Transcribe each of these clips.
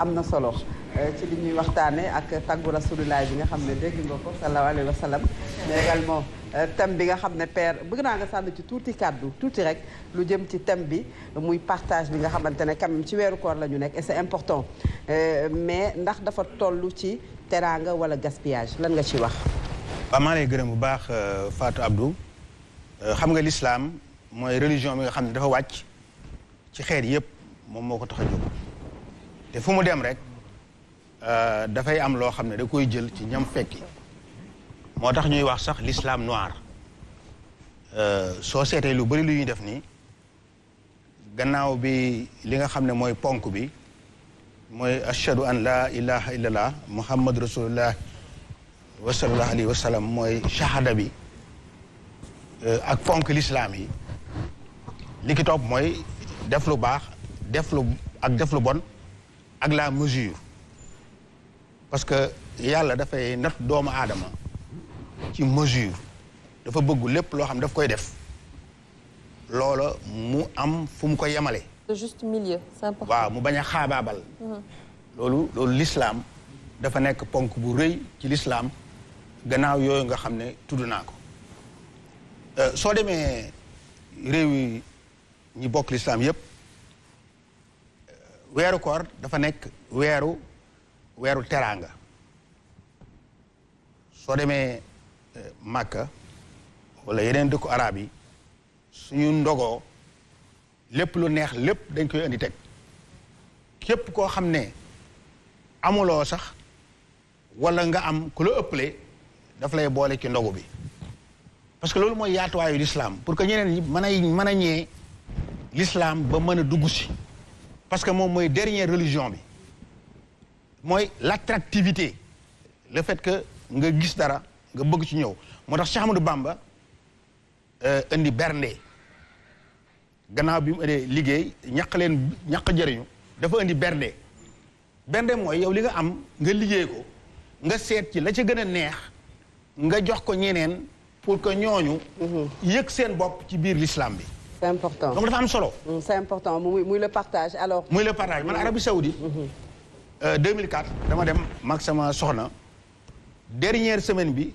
am na solo eh, ci li ñuy waxtaane ak tàggu rasulilaay bi nga xam ne dégg nga ko sallallahu alayhi wa sallam également eh, thème bi nga xam ne père bëgg naa nga sànni ci tuuti kàddu tuuti rek lu jëm ci thème bi muy partage bi nga xamante ne quand ci weeru koor la ñu nekk et c'est important eh, mais ndax dafa toll ci teraanga wala gaspillage lan nga ci wax waaw gërëm bu baax Fatou Abdou xam nga lislaam mooy religion bi nga xam ne dafa wàcc ci xeer yëpp moom moo ko tax a jóg te fu mu dem rek euh, dafay am loo xam ne da koy jël ci ñam fekki moo tax ñuy wax sax l'islam noir euh, soo seetee lu bari lu ñuy def nii gannaaw bi li nga xam ne mooy ponk bi mooy ashhadu an laa ilaha illallah muhammad rasulullah wa sallallahu alayhi mooy shahada bi euh, ak ponk lislaam yi li ki topp mooy def lu baax def ak def lu bon ak la mesure parce que yàlla dafay nat doomu aadama ci mesure dafa bëggu lépp loo xam daf koy def loola mu am fu mu ko yemale. waaw mu bañ a xaabaabal. Mhm. loolu loolu l'islam dafa nekk ponk bu rëy ci lislaam gannaaw yooyu nga xam ne tudd naa ko euh, soo demee réew yi ñi bokk l'islam yépp weeru koor dafa nekk weeru weeru teraanga soo demee eh, Màkka wala yeneen dëkku araab yi suñu ndogoo lépp lu neex lépp dañ koy indi teg képp koo xam ne amuloo sax wala nga am ku la ëppale daf lay boole ci ndogu bi parce que loolu mooy yaatuwaayu lislaam pour que ñeneen ñi mën a mën a ñee lislaam ba mën a dugg si parce que moom mooy dernier religion bi mooy l'attractivité le fait que nga gis dara nga bëgg ci ñëw moo tax Cheikh Ahmadou Bamba euh, indi bernde gannaaw bi mu indee liggéey ñaq leen ñaq jëriñu dafa indi bernde bernde mooy yow li nga am nga liggéey ko nga seet ci la ca gën a neex nga jox ko ñeneen pour que ñooñu mm-hmm. yëg seen bopp ci biir l'islam bi c' est important donc dafa am solo. Mm, c' est important muy muy le partage alors. muy le partage man Arabie Saoudite. 2004 mm-hmm. euh, dama dem mag sama soxna. dernière semaine bi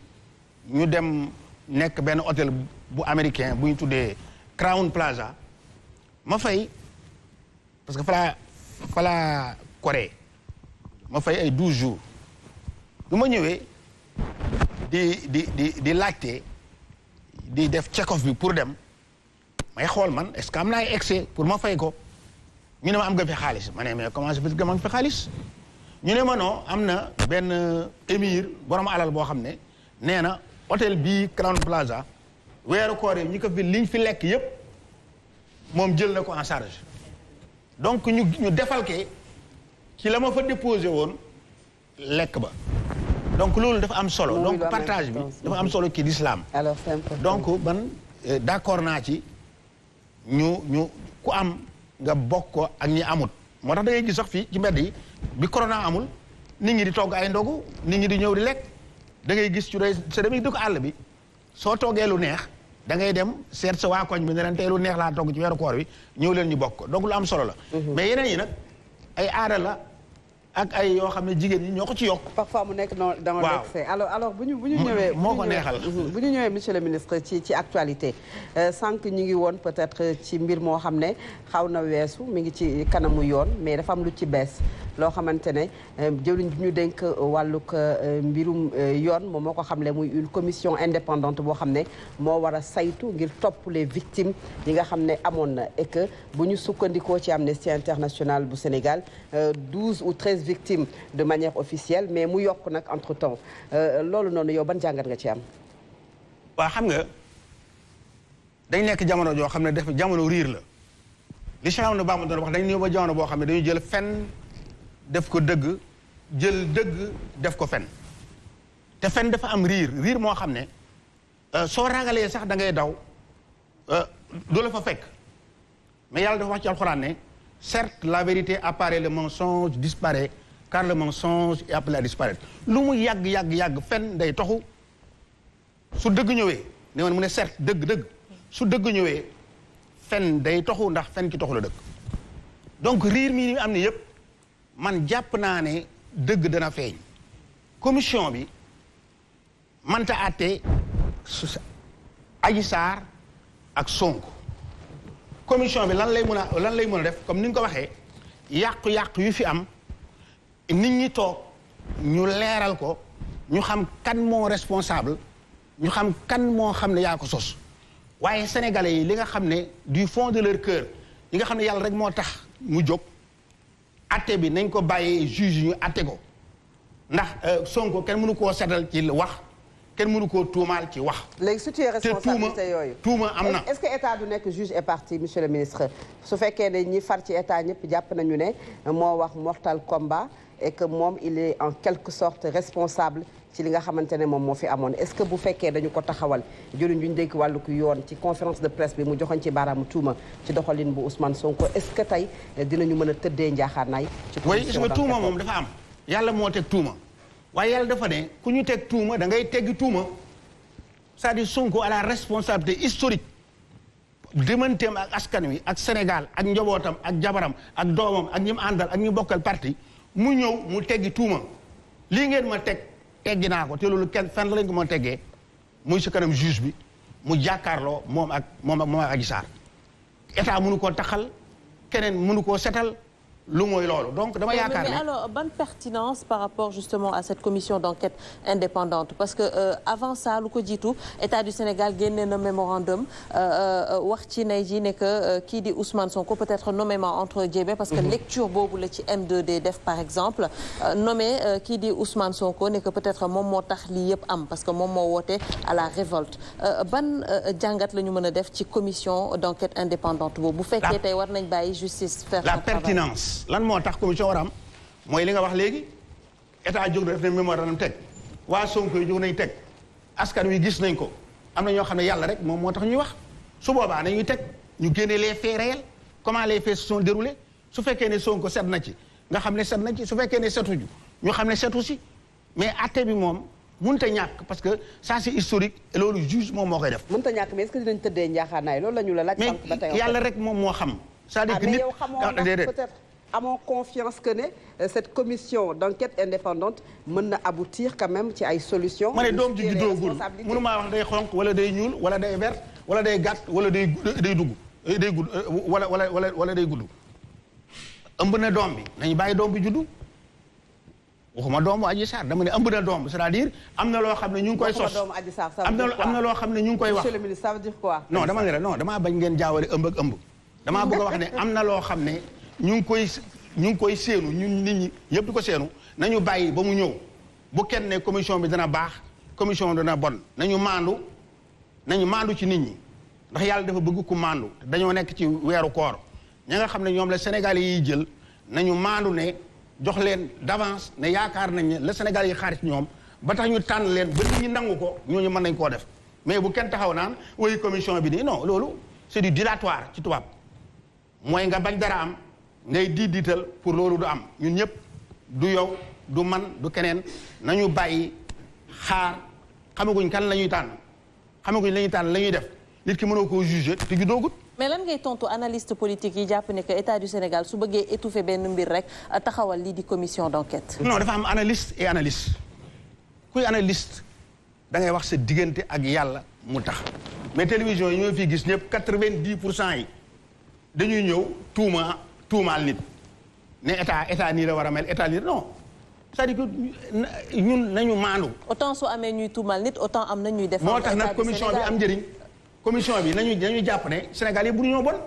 ñu dem nekk benn hôtel bu américain bu ñu tuddee Crown Plaza ma fay parce que falaa falaa Corée ma fay ay douze jours bu ma ñëwee di di di di laajte di def check-off bi pour dem. may xool man est-ce que am naa ay excès pour ma fay ko ñu ne ma am nga fi xaalis ma ne mais comment je peux que ma fi ñu ne ma non am na benn émir borom alal boo xam ne nee na hôtel bii Crown Plaza weeru koor yi ñu ko fi liñ fi lekk yépp moom jël na ko en charge donc ñu ñu ci la déposé woon lekk ba donc loolu dafa am solo donc partage bi dafa am solo ci l'islam alors donc man euh, d'accord naa ci ñu ñu ku am nga bokk ko ak ñi amut moo tax da ngay gis sax fii ci mbedd yi bi corona amul nit ñi di togg ay ndogu nit ñi di ñëw di lekk da ngay gis ci doy sa demee dëkk àll bi soo toggee lu neex da ngay dem seet sa waa koñ bi ne leen tey lu neex laa togg ci weeru koor bi ñëw leen ñu bokk donc lu am solo la. Mhm. mais yeneen yi nag ay aada ak ay yoo xam ne jigéen ñi ñoo ko ci yokk. par parfois mu nekk dans dans l' excès alors bu ñu bu moo ko neexal mhm, bu ñu ñëwee monsieur le ministre ci ci actualité. Euh, sànq ñu ngi woon peut-être ci mbir moo xam ne xaw na weesu mi ngi ci kanamu yoon mais dafa am lu ci bees. loo xamante ne euh, jëluñ bi ñu dénk euh, wàllug euh, mbirum yoon moom moo ko xamle muy une commission indépendante boo xam ne moo war a saytu ngir topp les victimes yi nga xam ne amoon na et bu ñu sukkandikoo ci Amnesty International bu Sénégal douze ou treize victimes de manière officielle mais mu yokk nag entre temps loolu noonu yow ban jàngat nga ci am. waa xam nga dañ nekk jamono joo xam ne def jamono riir la li Cheikh Amadou Bamba doon wax ba boo xam ne dañu jël fen def ko dëgg jël dëgg def ko fen te fen dafa am riir riir moo xam ne euh, soo ragalee sax dangay ngay daw euh, du la fa fekk mais yàlla dafa wax ci alxuraan ne certes la vérité apparaît le mensonge disparaît car le mensonge est lu mu yàgg yàgg yàgg fen day toxu su dëgg ñëwee ne woon mu ne certes dëgg dëgg su dëgg ñëwee fen day toxu ndax fen ci toxu la dëgg donc riir mi am ne yëpp man jàpp naa ne dëgg dana feeñ commission bi manta àtte Adji Sarr ak Sonko commission bi lan lay mën a lan lay mën a def comme ni nga ko waxee yàqu-yàqu yu fi am nit ñi toog ñu leeral ko ñu xam kan moo responsable ñu xam kan moo xam ne yaa ko sos waaye sénégalais yi li nga xam ne du fond de leur cœur yi nga xam ne yàlla rek moo tax mu jóg atte bi nañ ko bàyyee juge ñu atte ko ndax euh, Sonko kenn mënu koo setal ci wax kenn mënu koo tuumaal ci wax. léegi su tuuma responsabilité yooyu tuuma am na. est-ce que état du nekk juge et partie monsieur le ministre su fekkee ne ñi far ci état ñëpp jàpp nañu ne moo wax mortal combat et que moom il est en quelque sorte responsable. ci li nga xamante ne moom moo fi amoon est-ce que bu fekkee dañu ko taxawal jëriñ ñu dénk wàllu ko yoon ci conférence de presse bi mu joxoñ ci baaraamu tuuma ci doxalin bu Ousmane Sonko est-ce que tey dinañu mën a tëddee njaaxaanaay ci way gis nga tuuma moom dafa am yàlla moo teg tuuma waaye yàlla defa ne ku ñu teg tuuma dangay ngay teggi tuuma c'est-à-dire Sonko à la responsabilité historique dimanteem ak askan wi ak Sénégal ak njabootam ak jabaram ak doomam ak ñi àndal ak ñi bokkal parti mu ñëw mu teggi tuuma lii ngeen ma teg egginaa ko te loolu kenn fenn lañ ko mën a teggee muy si kanam juge bi mu jàkkaarloo moom ak moom ak moom ak Adji Sarr état koo taxal keneen mënu koo setal lu mooy loolu donc dama yaakaar ne alors ban pertinence par rapport justement à cette commission indépendante parce que euh, avant ça ko jiitu état du Sénégal génne na mémorandum euh, euh, wax ci nay ji ne que kii di Ousmane Sonko peut-être nommément entre guillemets parce que mhm. lecture boobu la ci M2D def exemple nommé kii di Ousmane Sonko ne peut-être moom moo tax lii yëpp am parce que moom moo woote la révolte ban jàngat la ñu mën a def ci commission d'enquête indépendante boobu bu fekkee tey war nañ bàyyi justice faire la pertinence tax lan moo tax commission war mooy li a wax léegi état jóg def na mémorandum teg waa Sonko yi jóg nañ teg askan wi gis nañ ko am na ñoo xam ne yàlla rek moom moo tax ñuy wax su boobaa nañuy teg ñu génne les faits réels comment les faits se fekkee ne Sonko set na ci nga xam ne set na ci su fekkee ne setuju ñu xam ne setu si bi moom mënut a que ça c'est historique et loolu juge moom a ñàkk mais est xam. Ah, nit ah mais yow amoo confiance que ne euh, cette commission d'enquête indépendante mën na aboutir quand même ci ay solutions. ma ne doom ji juddoogul mënumaa wax day xonq wala day ñuul wala day vert wala day gàtt wala day day dugg eh, day gudd eh, wala wala wala wala day gudd. ëmb na doom bi nañu bàyyi doom bi juddu waxuma doomu Adji Sarr dama ne ëmb na doom c'est-à-dire am na ñu ngi koy. sos am na na loo xam ne ñu ngi koy wax. monsieur le ministre ça veut dama ne la non bañ ngeen jaawale ëmb ak ëmb. damaa bëgg a wax ne am na loo xam ne. ñu ngi koy ñu ngi koy séenu ñun nit ñi yëpp ko séenu nañu bàyyi ba mu ñëw bu kenn ne commission bi dana baax commission dana bon nañu maandu nañu maandu ci nit ñi ndax yàlla dafa bëgg ku maandu dañoo nekk ci weeru koor ña nga xam ne ñoom la Sénégal yi jël nañu maandu ne jox leen d'avance ne yaakaar nañ ne la Sénégal yi xaar ñoom ba tax ñu tànn leen ba nit ñi nangu ko ñooñu mën nañ koo def mais bu kenn taxaw naan woyu commission bi nii no loolu c'est du dilatoire ci tubaab mooy nga bañ dara am ngay di diital pour loolu du am ñun ñëpp du yow du man du keneen nañu bàyyi xaar xamaguñ kan la ñuy tànn xamaguñ la ñuy tànn la ñuy def nit ki mënoo ko juger te ju doogut mais lan ngay tontu analyste politique yi jàpp ne que état du Sénégal su bëggee étouffer benn mbir rek euh, taxawal lii di commission d'enquête. non dafa am analyste et analyste kuy analyste da wax sa diggante ak yàlla mu tax mais télévision yi ñoo fi gis ñëpp quatre vingt pour cent yi dañuy ñëw tuuma. tuumaal nit ne état état nii la war a mel état nii non c'est-à-dire que ñun nañu maandu. autant su amee ñuy tuumaal nit autant am na ñuy def moo tax nag Sénégal yi bu ñoo bon.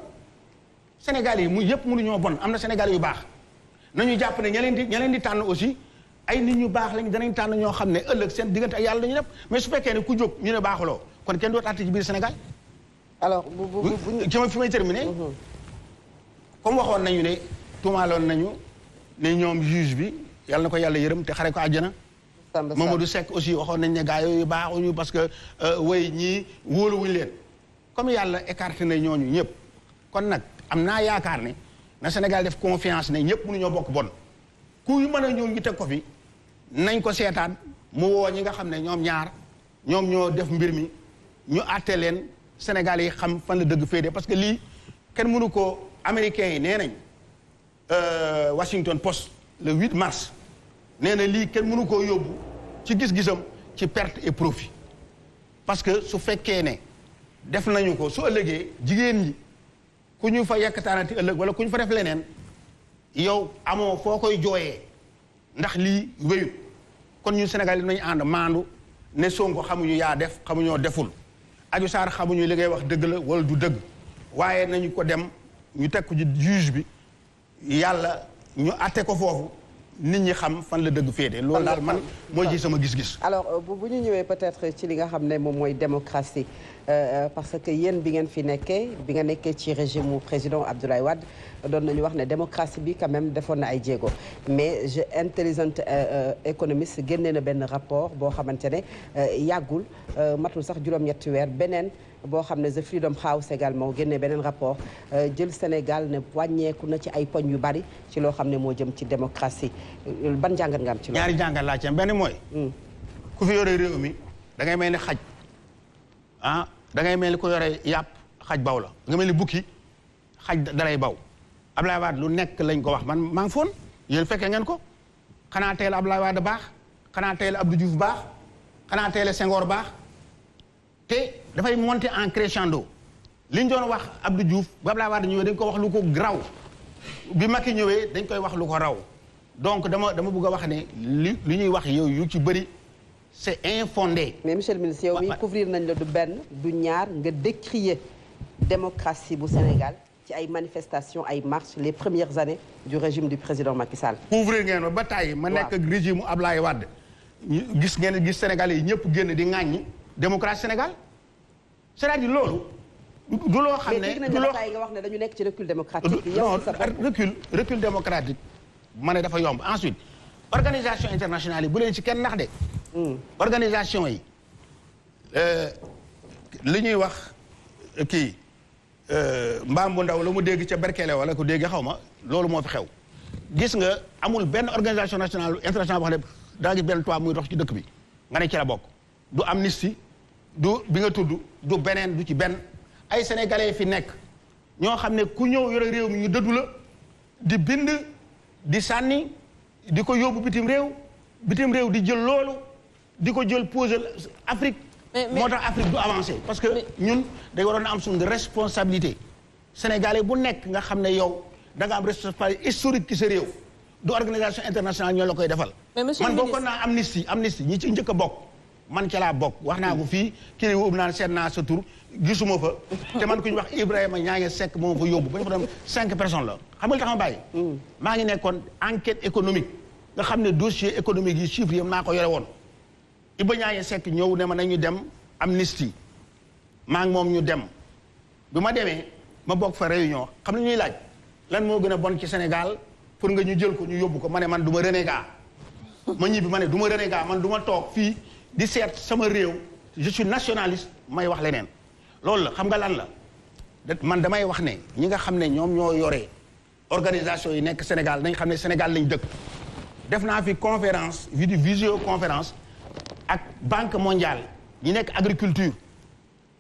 Sénégal yi mu yëpp mënu ñoo bon am na Sénégal yu baax nañu jàpp ne ña leen di ña di tànn aussi ay nit ñu baax lañ danañ tànn ñoo xam ne ëllëg seen diggante a yàlla dañu def mais su fekkee ne ku jóg ñu ne baaxuloo kon kenn dootu àtte ci Sénégal. alors fi may terminer. Mhm. comme waxoon nañu ne tuumaaloon nañu ne ñoom juge bi yàlla na ko yàlla yërëm te xare ko àjjana du sekk aussi waxoon nañ ne gaa yooyu baaxuñu parce que euh, way ñii wóoluwuñu leen comme yàlla écarté na ñooñu ñëpp kon nag am naa yaakaar ne na Sénégal def confiance ne ñëpp ñoo bokk bon ku mën a ñëw ñu teg ko fi nañ ko seetaan mu woo ñi nga xam ne ñoom ñaar ñoom ñoo def mbir mi ñu àtte leen Sénégal yi xam fan la dëgg féete parce que lii kenn mënu ko américains yi nee nañ euh, Washington Post le 8 mars nee na lii kenn mënu koo yóbbu ci gis-gisam ci perte et profit parce que su fekkee ne def nañu ko su ëllëgee jigéen ñi ku ñu fa yàkkataanati ëllëg wala ku ñu fa def leneen yow amoo foo koy jooyee ndax lii wéyut kon ñu Sénégal yi nañu ànd maandu ne Sonko xamuñu yaa def xamuñoo deful aju saar xamuñu li ngay wax dëgg la wala du dëgg waaye nañu ko dem ñu tekku ko ci juge bi yàlla ñu atte ko foofu nit ñi xam fan la dëgg féete loolu daal man mooy ji sama gis-gis alors euh, bu ñu ñëwee peut-être ci li nga xam ne moom mooy démocratie euh, euh, parce que yéen bi ngeen fi nekkee bi nga nekkee ci régime mu président Abdoulaye Wade doon nañu wax ne démocratie bi quand même defoon na ay jéego mais je intelligent économiste génnee na benn rapport boo xamante ne yàggul matul sax juróom-ñetti weer beneen boo xam ne The Freedom House également génne beneen rapport euh, jël Sénégal ne wàññeeku na ci ay poñ yu bari ci loo xam ne moo jëm ci démocratie euh, ban jàngat ngam ci loolu. ñaari jàngat laa ci am mooy. Hmm. ku fi yore réew mi dangay mel ni xaj ah dangay mel ni ku yore yàpp xaj baw la nga mel ni bukki xaj dalay baw Ablaye Wade lu nekk lañ ko wax man maa foon yéen fekkee ngeen ko xanaa teel Ablaye Wade baax xanaa teel Abdou Diouf baax xanaa teel Senghor baax. te dafay monter en crescendo li ñu doon wax Abdou Diouf ba Abdoulaye Wade ñëwee dañ ko wax lu ko graw bi Macky ñëwee dañ koy wax lu ko raw donc dama dama bëgg a wax ne li li ñuy wax yow yu ci bëri c'est infondé. mais monsieur le ministre yow mi couvrir nañ la du benn du ñaar nga décrier démocratie bu Sénégal ci ay manifestation ay marche les premières années du régime du président Macky Sall. couvrir ngeen ma ba tàyyi ma nekk ak régime mu Abdoulaye Wade gis ngeen gis Sénégalais yi ñëpp génn di ŋàññi. démocratie Sénégal c'est-à-dire loolu. du loo xam ne du loo mais nga wax ne dañu nekk ci recul démocratique. non recul recul démocratique ma ne dafa yomb ensuite organisation internationale yi bu leen ci kenn nax de. Hmm. organisation yi euh, li ñuy wax kii euh, mbaam bu ndaw la mu dégg ca Berkele wala ku dégg xaw ma loolu moo fi xew gis nga amul benn organisation nationale internationale boo xam ne daa gis benn toit muy dox ci dëkk bi nga ne ci la bokk du amnistie du bi nga tudd du beneen du ci benn ay sénégalais fi nekk ñoo xam ne ku ñëw yore réew mi ñu dëddu la di bind di sànni di ko yóbbu bitim réew bitim réew di jël loolu di ko jël posé Afrique. moo tax Afrique du avancé parce que ñun day waroon a am suñu responsabilité. sénégalais bu nekk nga xam ne yow da nga am responsabilité historique ci sa réew. du organisation internationale ñoo la koy defal. man bokkoon naa amnistie amnistie ñi ci njëkk a bokk. man ca bokk wax naa ko fii kii ub naan seet naa sa tur gisuma fa te man ku ñu wax Ibrahima ñaa ngi sekk moom fa yóbbu ba ñu fa dem cinq personnes la xam nga li tax hmm. maa ngi nekkoon enquête économique nga xam ne dossier économique yi chiffres yi maa ko yore woon Iba ñaa ngi sekk ñëw ne ma nañu dem amnistie maa ngi moom ñu dem bi ma demee ma bokk fa réunion xam ne ñuy laaj lan moo gën a bon ci Sénégal pour nga ñu jël ko ñu yóbbu ko ma ne man du ma renégat ma ñibbi ma ne du ma renégat man du ma toog fii di seet sama réew je suis nationaliste may wax leneen loolu la xam nga lan la man damay wax ne ñi nga xam ne ñoom ñoo yore organisation yi nekk Sénégal dañ xam ne Sénégal lañ dëkk def naa fi conférence vi di visio conférence ak banque mondiale ñi nekk agriculture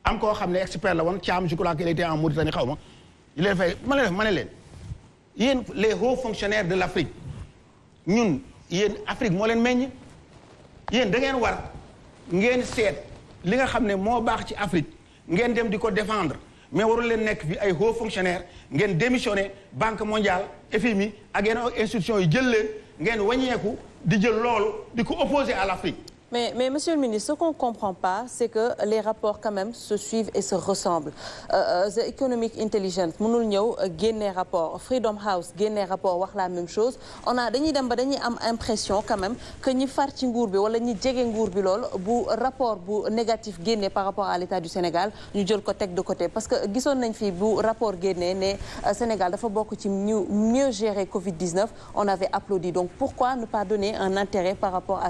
am koo xam ne expert la woon Thiam je crois qu'il était en Mauritanie xaw ma il leen fay ma ne ma ne leen yéen les hauts fonctionnaires de l'Afrique ñun yéen Afrique moo leen meñ yéen da ngeen war ngeen seet li nga xam ne moo baax ci Afrique ngeen dem di ko défendre mais warul leen nekk fi ay haut fonctionnaire ngeen démissionné banque mondiale FMI ak yeneen institutions yi jël leen ngeen waññeeku di jël loolu di ko opposé à l'Afrique Mais, mais, Monsieur le ministre, ce qu'on ne comprend pas, c'est que les rapports quand même se suivent et se ressemblent. Euh, euh The Economic Intelligence, mënul ñëw euh, génne rapport Freedom House génne rapport wax la même chose on a dañuy dem ba dañuy am impression quand même que ñi far ci nguur bi wala ñi jege nguur bi lool bu rapport bu négatif génne par rapport à l'état du Sénégal ñu jël ko teg de côté parce que gisoon nañ fi bu rapport génne ne euh, Sénégal dafa bokk ci ñu mieux gérer Covid-19 on avait applaudi donc pourquoi ne pas donner un intérêt par rapport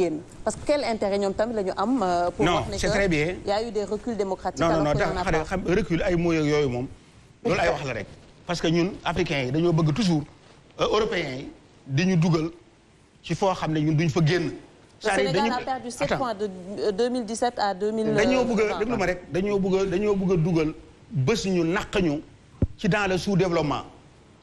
génn parce que quel intérêt ñoom tamit la am. Euh, pour wax ne que y eu des reculs démocratiques. non non ay mots yooyu moom. loolu ay wax la rek parce que ñun africains yi dañoo bëgg toujours euh, européens yi di ñu dugal ci foo xam ne ñun duñ fa génn. Le Sénégal a perdu 7 points de 2017 euh, à dañoo bëgg a déglu ma rek dañoo bëgg a dañoo bëgg dugal bés ñu naq ñu ci dans le sous-développement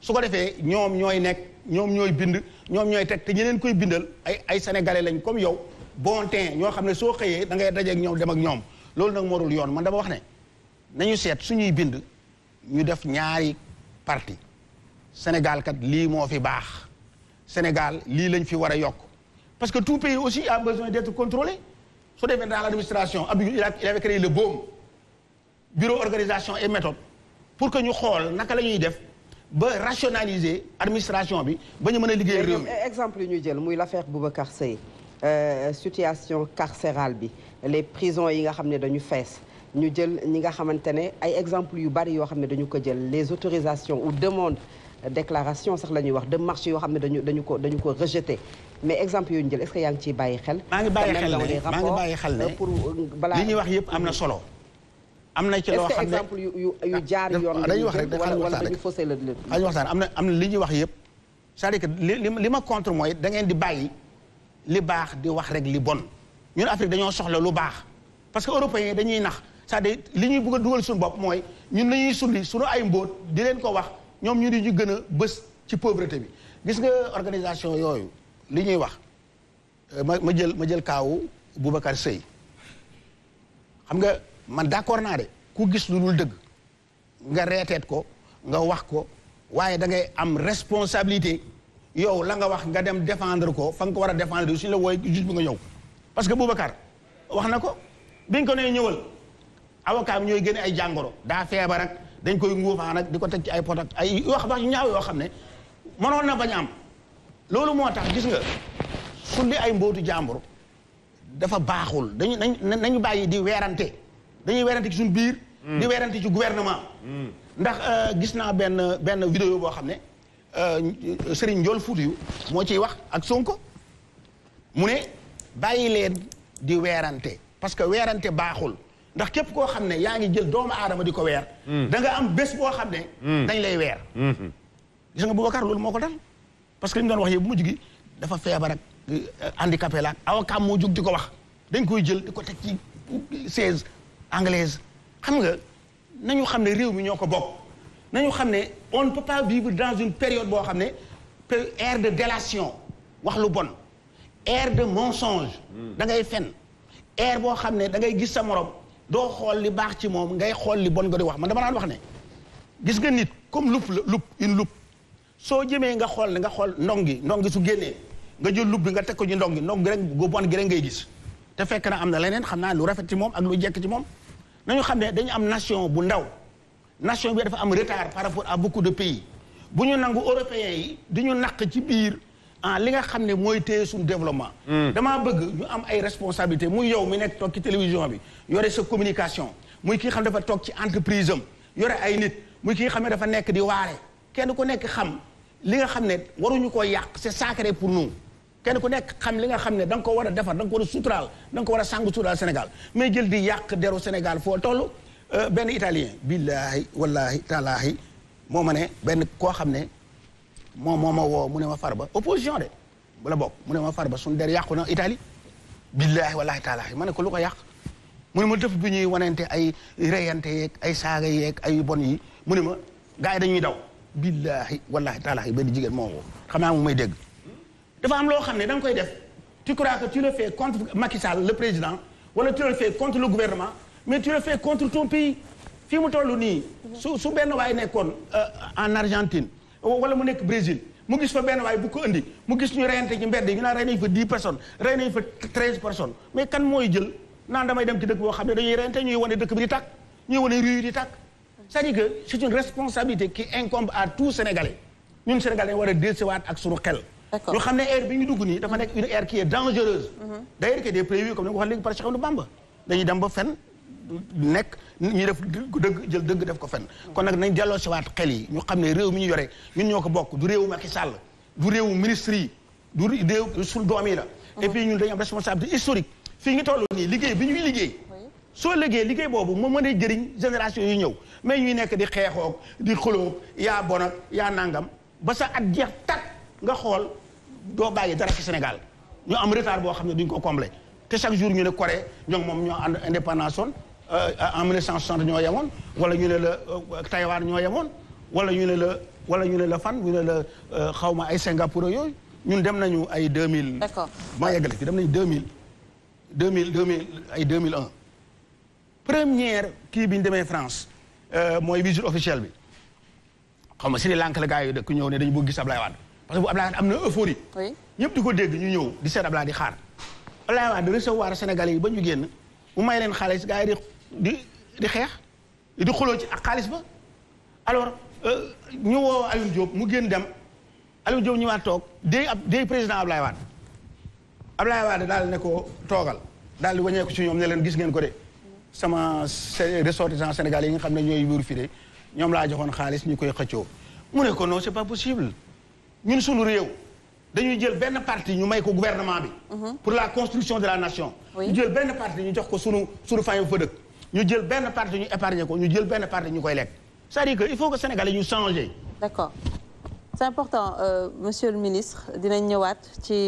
su ko defee ñoom ñooy nekk. ñoom ñooy bind ñoom ñooy teg te ñeneen koy bindal ay ay sénégalais lañ comme yow bon ten ñoo xam ne soo xëyee da ngay dajeeg ñoom dem ak ñoom loolu nag morul yoon man dama wax ne nañu seet suñuy bind ñu def ñaari parti Sénégal lii moo fi baax Sénégal lii lañ fi war a yokk parce que tout pays aussi en besoin d'être contrôlé su defee dans l'administration Abdou Diouf il avait créé le BOM bureau organisation et méthode pour que ñu xool naka la ñuy def ba rationaliser administration bi ba ñu mën a liggéey réew mi exemple yu ñu jël muy bu l'affaire Boubacar Seye euh, situation carcérale bi les prisons yi nga xam ne dañu fees ñu jël ñi nga xamante ne ay exemple yu bari yoo xam ne dañu ko jël les autorisations ou demandes euh, déclaration sax la ñuy wax de marché yoo xam ne dañu dañu ko dañu ko rejeté mais exemple yooyu ñu jël est-ce que yaa ngi ciy bàyyi xel. maa ngi bàyyi xel ne euh, pour balaa li ñuy wax yëpp am na solo. am na ci loo exemple yu yu yoon. dañuy wax rek wala dañuy faussé la lépp. dañuy am na am na li ñuy wax yëpp c'est-à-dire que li ma contre mooy da ngeen di bàyyi li baax di wax rek li bon ñun Afrique dañoo soxla lu baax parce que européens dañuy nax cest à li ñuy bëgg a dugal suñu bopp mooy ñun lañuy sulli suñu ay mbóot di leen ko wax ñoom ñu di ñu gën a bës ci pauvreté bi gis nga organisation yooyu li ñuy wax euh, ma ma jël ma jël kaawu Boubacar Seye xam nga. man d'accord naa de ku gis lu dul dëgg nga reeteet ko nga wax ko waaye dangay am responsabilité yow la nga wax nga dem défendre ko fa nga ko war a défendre si la wooye juge bi nga ñëw parce que Boubacar wax na ko biñ ko ñëwal avocat ñooy génne ay jàngoro daa feebar ak dañ koy nguufaan ak di ko teg ci ay pot ak ay wax wax yu ñaaw yoo xam ne mënoon na bañ am loolu moo tax gis nga sulli ay mbootu jàmbur dafa baaxul dañu nañ nañu bàyyi di weerante dañuy werante ci suñu biir. Hmm. di werante ci gouvernement. Hmm. ndax euh, gis naa benn benn vidéo boo xam ne euh, Serigne Ndiol Foutiyu moo ciy wax ak Sonko mu ne bàyyi leen di weerante parce que weerante baaxul ndax képp koo xam ne yaa ngi jël doomu aadama di ko weer. Hmm. danga am bés boo xam ne. dañ lay weer. gis nga Boubacar loolu moo ko dal parce que li doon wax yëpp bu mujj gi dafa feebar ak euh, handicapé la ak avocat moo jóg di ko wax dañ koy jël di ko teg ci 16. anglaise xam nga nañu xam ne réew mi ñoo ko bokk nañu xam ne on ne peut pas vivre dans une période boo xam ne ère de délation wax lu bon ère de mensonge hmm. da ngay fen air boo xam ne dangay gis sa moroom doo xool li baax ci moom ngay xool li bon nga di wax man dama daan wax ne gis nga nit comme lup la loupe une loupe soo jëmee nga xool ne nga xool ndong gi ndong gi su génnee nga jël loupe bi nga teg ko ci ndong gi ndong gi rek gu bon gi rek ngay gis te fekk na am na leneen xam naa lu rafet ci moom ak lu jekk ci moom nañu xam ne dañu am nation bu ndaw nation bi dafa am retard par rapport à beaucoup de pays bu ñu nangu européens yi di ñu naq ci biir ah li nga xam ne mooy téye sum développement. Hmm. damaa bëgg ñu am ay responsabilité muy yow mi nekk toog ci télévision bi yore sa communication muy kii xam dafa toog ci entreprise am yore ay nit muy kii xam ne dafa nekk di waare kenn ku nekk xam li nga xam ne waruñu ko yàq c'est sacré pour nous. kenn ku nekk xam li nga xam ne danga ko war a defar da nga ko war a suturaal da ko war a sàngu suturaal Sénégal mais jël di yàq deru Sénégal foo toll euh, benn italien billaahi wallaahi taalaahi moo ma ne benn koo xam ne moom moo ma woo mu ne ma Farba opposition wala bokk mu ne ma Farba suñu der yàqu na Italie billaahi wallaahi ma ne ko lu ko yàq mu ma def bi ñuy wanante ay reyante yeeg ay saaga yeeg ay bon yi mu ne ma gars yi dañuy daw billaahi wallaahi taalaahi benn jigéen moom woo xam mu may dégg dafa am loo xam ne da koy def tu crois que tu le fais contre Macky le président wala tu le fais le gouvernement mais tu le fais contre ton pays fii mu toll nii su su benn waay nekkoon euh, en Argentine wala mu nekk Brésil mu gis fa benn waay bu ko indi mu gis ñu reyante ci mbedd ñu naan rey nañu fa 10 personnes rey fa 13 personnes mais kan mooy jël naan damay dem ci dëkk boo xam ne dañuy reyante ñuy wane dëkk bi di tàkk ñuy wane rue di tàkk c'est-à-dire à tout Sénégalais ñun Sénégalais war a dellusiwaat ak suñu xel ñu xam ne aire bi ñu dugg nii dafa nekk une aire qui est dangereuse mhm. d'ailleurs qui est prévue comme ni nga ko dañuy dem ba fen nekk ñuy def dëgg jël dëgg def ko fen kon nag nañ delloo si waat xel yi ñu xam ne réew mi ñu yore ñun ñoo ko bokk du réew Macky Sall du réew ministre yi du réew su doom yi la mhm. et puis ñun dañu am responsabilité historique fii ngi toll nii liggéey bi ñuy liggéey soo liggéey liggéey boobu moo mën a jëriñ génération yu ñëw mais ñuy nekk di xeexoog di xulóog yaa bon yaa nangam ba nga xool doo bàyyi dara ci Sénégal ñu am retard boo xam ne duñ ko combler te chaque jour ñu ne Corée ñoom moom ñoo ànd indépendance woon euh, en 1960 ñoo yemoon wala ñu ne la euh, Taïwan ñoo yemoon wala ñu ne la wala ñu ne la fan ñu ne la euh, xawma ay Singapour yooyu ñun dem nañu ay 2000. d'accord maa yeggale fi dem nañu 2000. 2000 2000 ay 2001. première kii bi ñu demee France mooy visite officielle bi xaw ma Sri Lanka la gars yi dëkk ñëw ne dañu bëgg gis Ablaye Wade. parce que bu Ablaye Wade am na euphorie. oui ñëpp di ko dégg ñu ñëw di seet Ablaye di xaar. Ablaye Wade recevoir Sénégalais yi ba ñu génn mu may leen xaalis gars yi di di xeex di xuloo ci ak xaalis ba alors euh, ñu woo Alioune Diop mu génn dem Alioune Diop ñëwaat toog day ab day président Ablaye Wade Ablaye Wade daal ne ko toogal daal di wañeeku ci ñoom ne leen gis ngeen ko de sama ressortissant sénégalais yi nga xam ne ñooy wéru fi de ñoom laa joxoon xaalis ñu koy xëccoo mu ne ko non c'est pas ñun suñu réew dañuy jël benn parti ñu may ko gouvernement bi. Mhm. pour la construction de la nation. ñu jël benn parti ñu jox ko sunu sunu fin fa dëkk. ñu jël benn parti ñu épargner ko ñu jël benn parti ñu koy lekk c'est-à-dire que il faut que Sénégalais ñu changer. d'accord c'est important euh, monsieur le ministre dinañ ñëwaat ci.